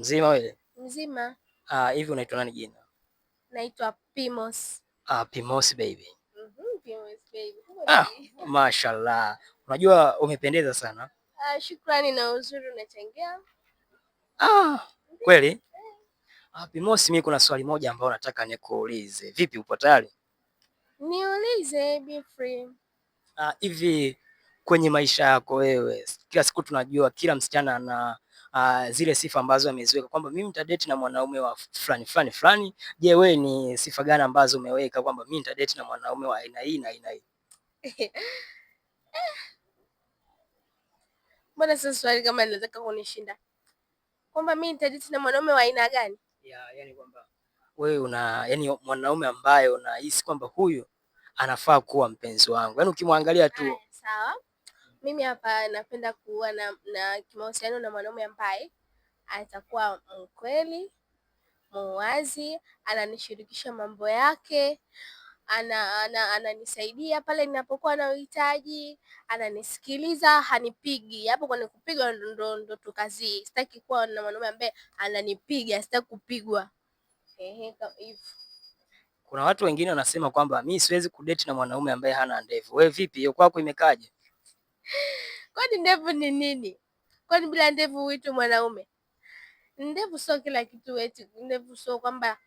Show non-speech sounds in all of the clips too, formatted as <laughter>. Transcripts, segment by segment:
Mzima wewe? Mzima. Ah, hivi unaitwa nani jina? Naitwa Pimos. Ah, Pimos baby. Mhm, mm Pimos baby. Ah, mashallah. Unajua umependeza sana. Ah, shukrani na uzuri unachangia. Ah, kweli? Ah, Pimos, mimi kuna swali moja ambalo nataka nikuulize. Vipi, upo tayari? Niulize, be free. Ah, hivi kwenye maisha yako wewe, kila siku tunajua kila msichana ana uh, zile sifa ambazo ameziweka kwamba mimi nitadate na mwanaume wa fulani fulani fulani. Je, wewe ni sifa gani ambazo umeweka kwamba mimi nitadate na mwanaume wa aina hii na aina hii? <laughs> Mbona sasa swali kama linataka kunishinda kwamba mimi nitajiti na mwanaume wa aina gani? Yeah, yani kwamba wewe una yani mwanaume ambaye unahisi kwamba huyu anafaa kuwa mpenzi wangu, yaani ukimwangalia tu. Sawa. Mimi hapa napenda kuwa na, na kimahusiano na mwanaume ambaye atakuwa mkweli, muwazi, ananishirikisha mambo yake, ananisaidia ana, ana pale ninapokuwa na uhitaji, ananisikiliza, hanipigi. Hapo kwa kupigwa ndo ndo tukazii. Sitaki kuwa na mwanaume ambaye ananipiga, sitaki kupigwa. Ehe, hivyo. Kuna watu wengine wanasema kwamba mi siwezi kudeti na mwanaume ambaye hana ndevu. Wewe vipi, hiyo kwako imekaje? Kwani ndevu ni nini? Kwani bila ndevu uitwi mwanaume? Ndevu sio kila kitu eti ndevu sio kwamba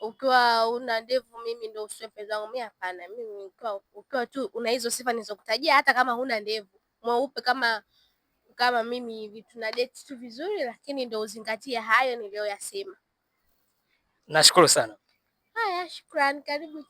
ukiwa una ndevu mimi ndio usiwe mpenzi wangu. Mimi hapana. Mimi ukiwa, ukiwa tu una hizo sifa nilizokutajia hata kama huna ndevu. Mweupe kama kama mimi hivi tuna date tu vizuri lakini ndio uzingatie hayo niliyoyasema. Nashukuru sana. Haya, shukrani. Karibu.